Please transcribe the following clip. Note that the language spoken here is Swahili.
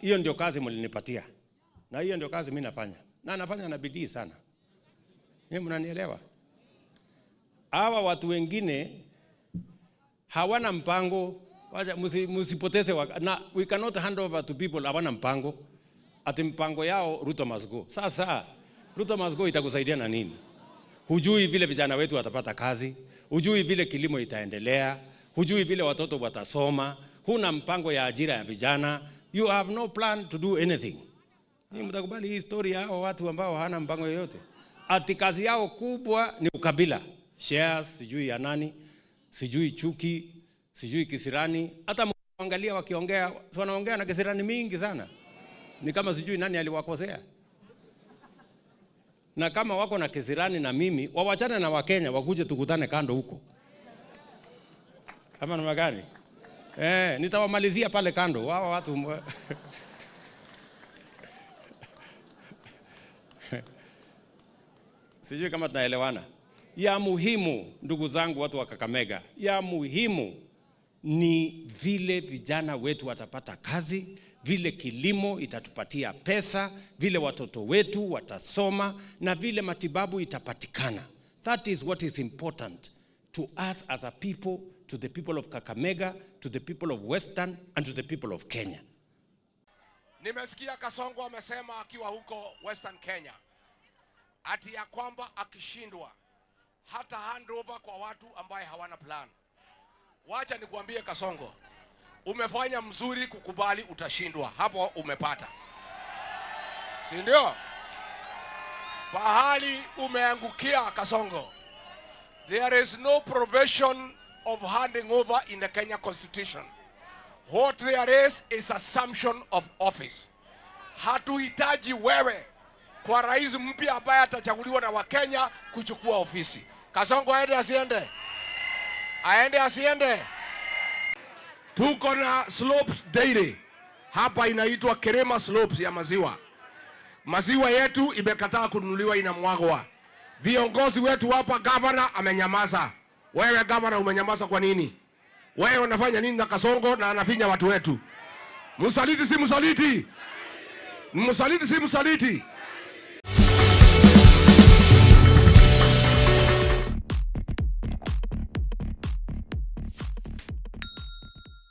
hiyo ndio kazi mlinipatia, na hiyo ndio kazi mimi nafanya, na nafanya na bidii sana. Ninyi mnanielewa? Hawa watu wengine hawana mpango, msipoteze wakati na we cannot hand over to people. Hawana mpango, ati mpango yao Ruto must go. Sasa Ruto must go itakusaidia na nini? Hujui vile vijana wetu watapata kazi, hujui vile kilimo itaendelea, hujui vile watoto watasoma, huna mpango ya ajira ya vijana you have no plan to do anything. Ni mtakubali hii story yao watu ambao hawana mpango yoyote. Ati kazi yao kubwa ni ukabila, shares sijui ya nani, sijui chuki, sijui kisirani. Hata mwangalia wakiongea, wanaongea na kisirani mingi sana, ni kama sijui nani aliwakosea. Na kama wako na kisirani na mimi, wawachane na Wakenya, wakuje tukutane kando huko, ama namna gani? Eh, nitawamalizia pale kando wao watu Sijui kama tunaelewana. Ya muhimu ndugu zangu, watu wa Kakamega, ya muhimu ni vile vijana wetu watapata kazi, vile kilimo itatupatia pesa, vile watoto wetu watasoma na vile matibabu itapatikana. That is what is important to us as a people, to the people of Kakamega, to the people of Western and to the people of Kenya. Nimesikia Kasongo amesema akiwa huko Western Kenya ati ya kwamba akishindwa hata handover kwa watu ambaye hawana plan. Wacha nikuambie Kasongo, umefanya mzuri kukubali utashindwa. Hapo umepata, si ndio? Pahali umeangukia Kasongo There is no provision of handing over in the Kenya Constitution. What there is is assumption of office. Hatuhitaji wewe kwa rais mpya ambaye atachaguliwa na Wakenya kuchukua ofisi. Kasongo aende asiende? Aende asiende? Tuko na slopes daily hapa, inaitwa Kerema Slopes ya maziwa. Maziwa yetu imekataa kununuliwa, inamwagwa. Viongozi wetu hapa, gavana amenyamaza. Wewe gavana umenyamaza kwa nini? Wewe unafanya nini na Kasongo na anafinya watu wetu? Msaliti si msaliti? Msaliti si msaliti?